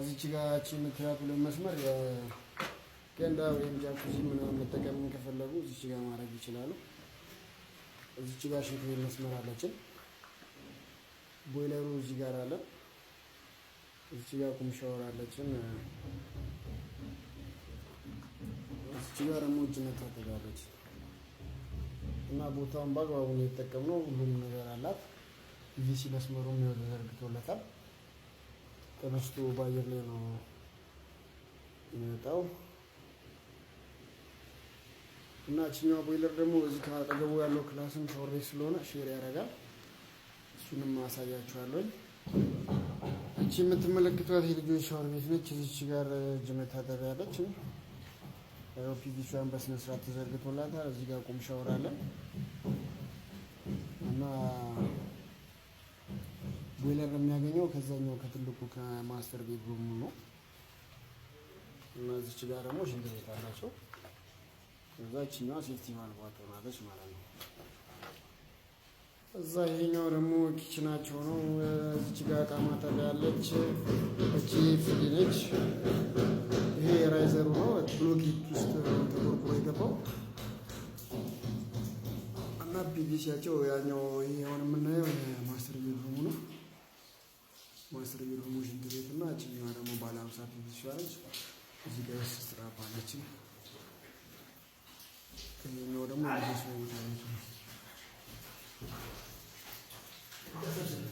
እዚች ጋር የምታዩት መስመር ገንዳ ወይም ጃኩዚ ምናምን መጠቀምን ከፈለጉ እዚች ጋር ማድረግ ይችላሉ። እዚች ጋር ሽንት ቤት መስመር አለችን። ቦይለሩ እዚህ ጋር አለ። እዚች ጋር ቁም ሻወር አለችን። እዚች ጋር ደግሞ እጅ መታጠቢያለች እና ቦታውን በአግባቡ ነው የተጠቀምነው። ሁሉም ነገር አላት። ቪሲ መስመሩም ይኸው ተዘርግቶለታል። ተነስቶ በአየር ላይ ነው የሚወጣው እና እችኛዋ ቦይለር ደግሞ እዚህ ከአጠገቡ ያለው ክላስን ሾሬ ስለሆነ ሼር ያደርጋል። እሱንም አሳያችኋለኝ። እቺ የምትመለከቷት የልጆች ሻወር ቤት ነች። እዚች ጋር እጅ መታጠቢያ አለች። ፒቪሲን በስነስርዓት ተዘርግቶላታል። እዚህ ጋር ቁም ሻወር አለ እና ቦይለር የሚያገኘው ከዛኛው ከትልቁ ከማስተር ቤድሩም ነው እና እዚች ጋር ደግሞ ሽንት ቤት አላቸው። እዛ ይችኛዋ ሴፍቲ ቫልቭ ማለት ነው። እዛ ይሄኛው ደግሞ ኪችናቸው ነው። እዚች ጋር እቃ ማጠቢያ ያለች እቺ ፍሪ ነች። ይሄ የራይዘሩ ነው። ብሎኬት ውስጥ ተቆርቁሮ የገባው እና ፒቪሲያቸው ያኛው የሆነ የምናየው ማስተር ቤድሩም አስር የሚሆኑ ሽንት ቤት እና እችኛዋ ደግሞ ባለ ሀምሳ ትንሽዋለች። እዚህ ጋር ስራ ባለችን ደግሞ ቦታ ነው።